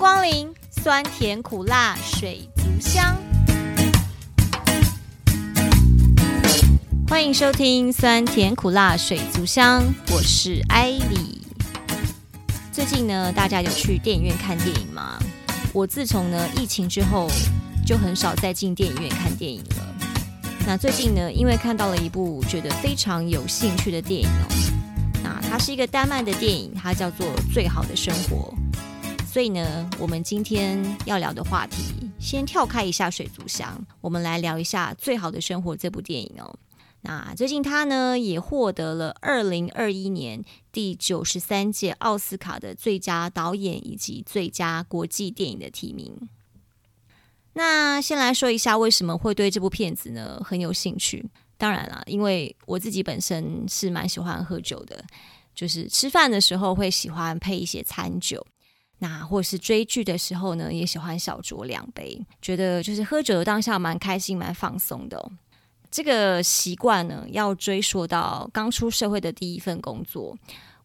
光臨酸甜苦辣水族箱，歡迎收聽酸甜苦辣水族箱，我是艾莉。最近呢，大家有去電影院看電影嗎？我自從呢疫情之後，就很少再進電影院看電影了。那最近呢，因為看到了一部覺得非常有興趣的電影哦，那它是一個丹麥的電影，它叫做《醉好的生活》。所以呢，我們今天要聊的話題，先跳開一下水族箱，我們來聊一下《最好的生活》這部電影哦。那最近它呢，也獲得了二零二一年第九十三屆奧斯卡的最佳導演以及最佳國際電影的提名。那先來說一下為什麼會對這部片子呢很有興趣？當然啦，因為我自己本身是蠻喜歡喝酒的，就是吃飯的時候會喜歡配一些餐酒。那或是追劇的時候呢，也喜歡小酌兩杯，覺得就是喝酒的當下蠻開心、蠻放鬆的。這個習慣呢，要追溯到剛出社會的第一份工作。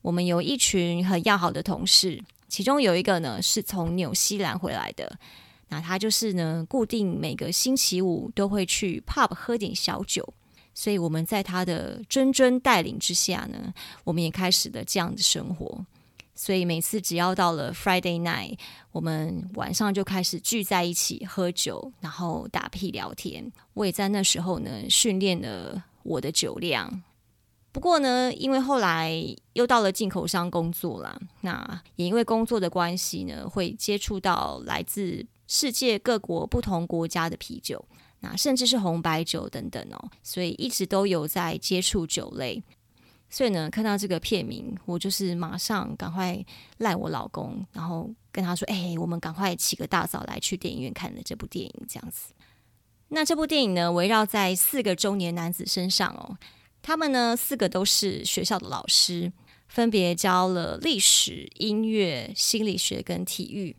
我們有一群很要好的同事，其中有一個呢是從紐西蘭回來的，那他就是呢，固定每個星期五都會去 pub 喝點小酒。所以我們在他的諄諄帶領之下呢，我們也開始了這樣的生活。所以每次只要到了 Friday night，我們晚上就開始聚在一起喝酒，然後打屁聊天。我也在那時候呢，訓練了我的酒量。不過呢，因為後來又到了進口商工作啦，那也因為工作的關係呢，會接觸到來自世界各國不同國家的啤酒，那甚至是紅白酒等等哦。所以一直都有在接觸酒類。所以呢，看到這個片名，我就是馬上趕快賴我老公，然後跟他說：“哎、欸，我們趕快起個大早來去電影院看了這部電影。”這樣子。那這部電影呢，圍繞在四個中年男子身上哦。他們呢，四個都是學校的老師，分別教了歷史、音樂、心理學跟體育。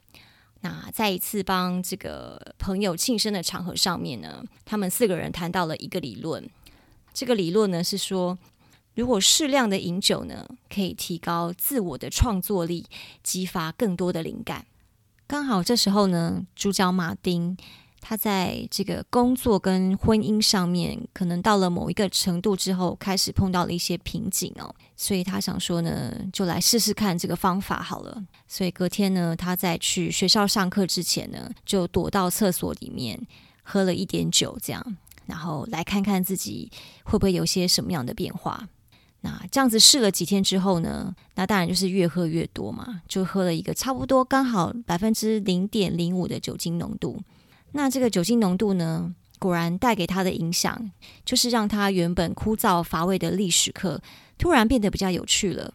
那在一次幫這個朋友慶生的場合上面呢，他們四個人談到了一個理論。這個理論呢，是說。如果適量的飲酒呢，可以提高自我的創作力，激發更多的靈感。剛好這時候呢，主角馬丁他在這個工作跟婚姻上面，可能到了某一個程度之後，開始碰到了一些瓶頸哦，所以他想說呢，就來試試看這個方法好了。所以隔天呢，他在去學校上課之前呢，就躲到廁所裡面喝了一點酒，這樣，然後來看看自己會不會有些什麼樣的變化。那這樣子試了幾天之後呢，那當然就是越喝越多嘛，就喝了一個差不多剛好百分之零點零五的酒精濃度。那這個酒精濃度呢，果然帶給他的影響，就是讓他原本枯燥乏味的歷史課，突然變得比較有趣了。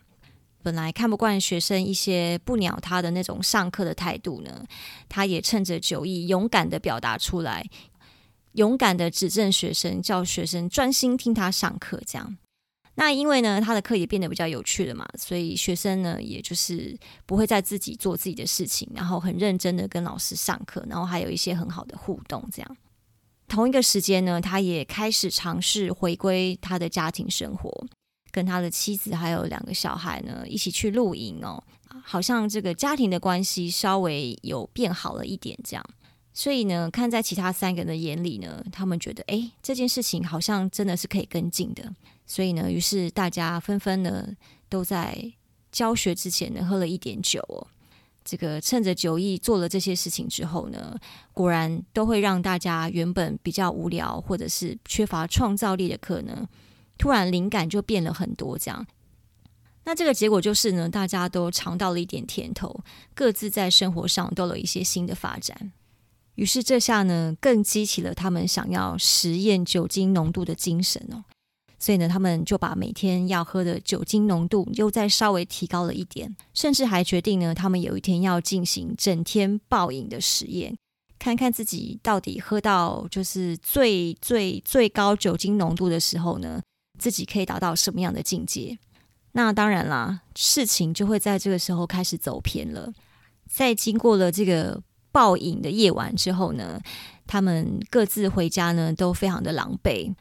本來看不慣學生一些不鳥他的那種上課的態度呢，他也趁着酒意勇敢的表達出來，勇敢的指正學生，叫學生專心聽他上課，這樣。那因為呢，他的課也變得比較有趣了嘛，所以學生呢，也就是不會再自己做自己的事情，然後很認真的跟老師上課，然後還有一些很好的互動，這樣。同一個時間呢，他也開始嘗試回歸他的家庭生活，跟他的妻子還有兩個小孩呢一起去露營哦，好像這個家庭的關係稍微有變好了一點，這樣。所以呢，看在其他三個人的眼裡呢，他們覺得，誒，這件事情好像真的是可以跟進的。所以呢，於是大家紛紛呢，都在教學之前呢，喝了一點酒哦。這個趁着酒意做了這些事情之後呢，果然都會讓大家原本比較無聊或者是缺乏創造力的課呢，突然靈感就變了很多。這樣，那這個結果就是呢，大家都嘗到了一點甜頭，各自在生活上都有一些新的發展。於是這下呢，更激起了他們想要實驗酒精濃度的精神哦。所以呢，他們就把每天要喝的酒精濃度又再稍微提高了一點，甚至還決定呢，他們有一天要進行整天暴飲的實驗，看看自己到底喝到就是最最最高酒精濃度的時候呢，自己可以達到什麼樣的境界。那當然啦，事情就會在這個時候開始走偏了，在經過了這個。暴飲的夜晚之後呢，他們各自回家呢，都非常的狼狽。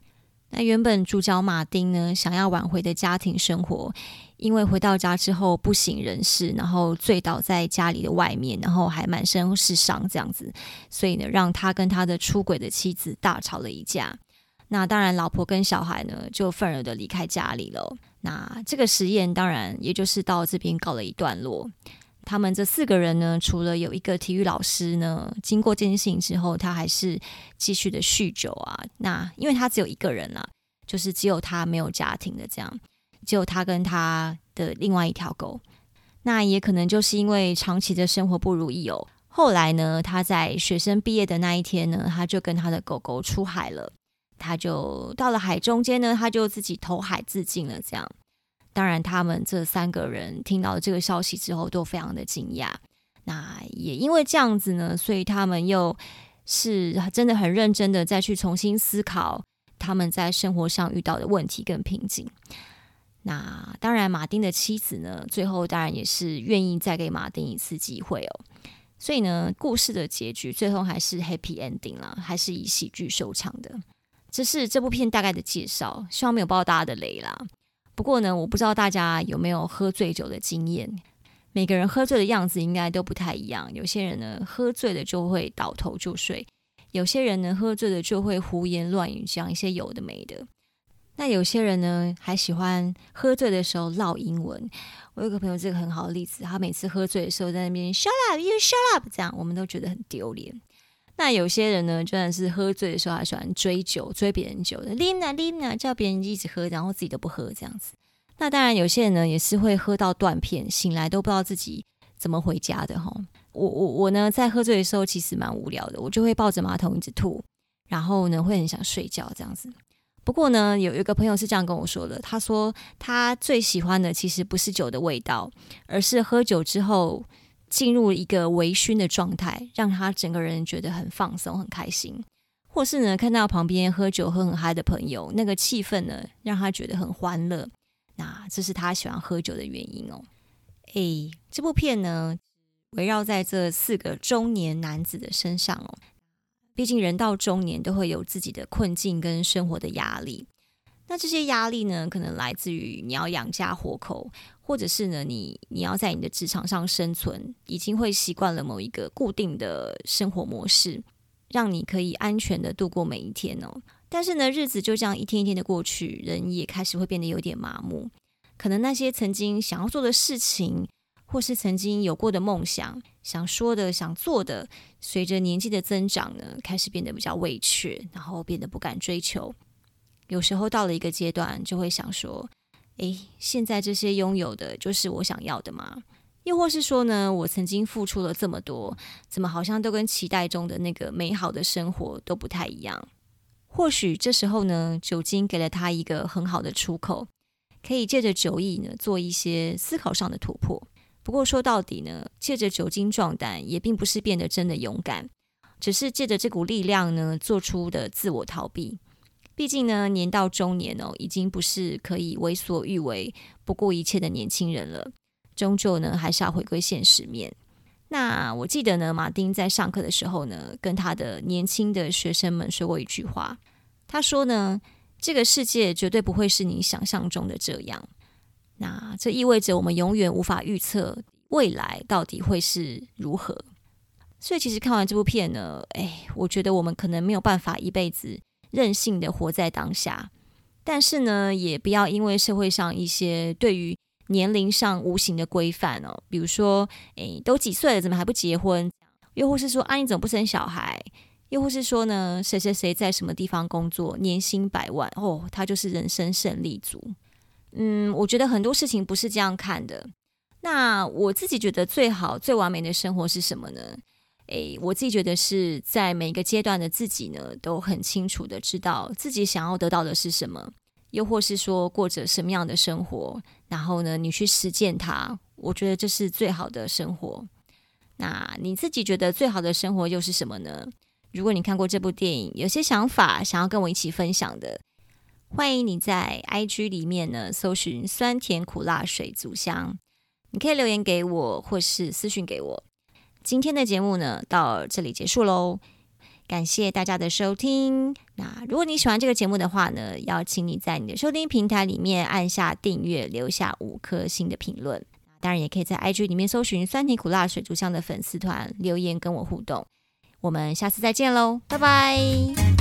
那原本主角馬丁呢，想要挽回的家庭生活，因為回到家之後不省人事，然後醉倒在家裡的外面，然後還滿身是傷這樣子，所以呢，讓他跟他的出軌的妻子大吵了一架。那當然，老婆跟小孩呢，就憤而的離開家裡了。那這個實驗當然也就是到這邊告了一段落。他們這四個人呢，除了有一個體育老師呢，經過這件事情之後，他還是繼續的酗酒啊。那因為他只有一個人啊，就是只有他沒有家庭的這樣，只有他跟他的另外一條狗。那也可能就是因為長期的生活不如意哦。後來呢，他在學生畢業的那一天呢，他就跟他的狗狗出海了，他就到了海中間呢，他就自己投海自盡了，這樣。當然，他們這三個人聽到這個消息之後都非常的驚訝。那也因為這樣子呢，所以他們又是真的很認真的再去重新思考他們在生活上遇到的問題跟瓶頸。那當然，馬丁的妻子呢，最後當然也是願意再給馬丁一次機會哦。所以呢，故事的結局最後還是 Happy Ending 啦，還是以喜劇收場的。這是這部片大概的介紹，希望沒有爆大家的雷啦。不過呢，我不知道大家有沒有喝醉酒的經驗。每個人喝醉的樣子應該都不太一樣。有些人呢，喝醉了就會倒頭就睡；有些人呢，喝醉了就會胡言亂語講，講一些有的沒的。那有些人呢，還喜歡喝醉的時候嘮英文。我有個朋友這個很好的例子，他每次喝醉的時候在那邊 Shut up，you shut up，這樣我們都覺得很丟臉。那有些人呢，居然是喝醉的時候還喜歡追酒，追別人酒的，拎啊拎啊，叫別人一直喝，然後自己都不喝這樣子。那當然，有些人呢也是會喝到斷片，醒來都不知道自己怎麼回家的哈。我我我呢，在喝醉的時候其實蠻無聊的，我就會抱着馬桶一直吐，然後呢會很想睡覺這樣子。不過呢，有一個朋友是這樣跟我說的，他說他最喜歡的其實不是酒的味道，而是喝酒之後。進入一個微醺的狀態，讓他整個人覺得很放鬆、很開心，或是呢，看到旁邊喝酒喝很嗨的朋友，那個氣氛呢，讓他覺得很歡樂。那這是他喜歡喝酒的原因哦。欸，這部片呢，圍繞在這四個中年男子的身上哦。畢竟人到中年，都會有自己的困境跟生活的壓力。那這些壓力呢，可能來自於你要養家活口，或者是呢，你你要在你的職場上生存，已經會習慣了某一個固定的生活模式，讓你可以安全地度過每一天哦。但是呢，日子就這樣一天一天的過去，人也開始會變得有點麻木。可能那些曾經想要做的事情，或是曾經有過的夢想、想說的、想做的，隨着年紀的增長呢，開始變得比較畏怯，然後變得不敢追求。有時候到了一個階段，就會想說：“誒，現在這些擁有的就是我想要的嗎？又或是說呢，我曾經付出了這麼多，怎麼好像都跟期待中的那個美好的生活都不太一樣？或許這時候呢，酒精給了他一個很好的出口，可以借着酒意呢做一些思考上的突破。不過說到底呢，借着酒精壯膽也並不是變得真的勇敢，只是借着這股力量呢做出的自我逃避。”畢竟呢，年到中年哦，已經不是可以為所欲為、不顧一切的年輕人了。終究呢，還是要回歸現實面。那我記得呢，馬丁在上課的時候呢，跟他的年輕的學生們說過一句話。他說呢，這個世界絕對不會是你想象中的這樣。那這意味着我們永遠無法預測未來到底會是如何。所以，其實看完這部片呢，哎，我覺得我們可能沒有辦法一輩子。任性的活在當下，但是呢，也不要因為社會上一些對於年齡上無形的規範哦，比如說，哎，都幾歲了，怎麼還不結婚？又或是說，啊，你怎麼不生小孩？又或是說呢，誰誰誰在什麼地方工作，年薪百萬，哦，他就是人生勝利組。嗯，我覺得很多事情不是這樣看的。那我自己覺得最好最完美的生活是什麼呢？誒，我自己覺得是在每一個階段的自己呢，都很清楚的知道自己想要得到的是什麼，又或是說過着什麼樣的生活，然後呢，你去實踐它，我覺得這是最好的生活。那你自己覺得最好的生活又是什麼呢？如果你看過這部電影，有些想法想要跟我一起分享的，歡迎你在 IG 裡面呢搜尋酸甜苦辣水族箱，你可以留言給我，或是私訊給我。今天的節目呢，到這裡結束嘍。感謝大家的收聽。那如果你喜歡這個節目的話呢，邀請你在你的收聽平台裡面按下訂閱，留下五顆星的評論。當然，也可以在 IG 裡面搜尋“酸甜苦辣水族箱”的粉絲團，留言跟我互動。我們下次再見嘍，拜拜。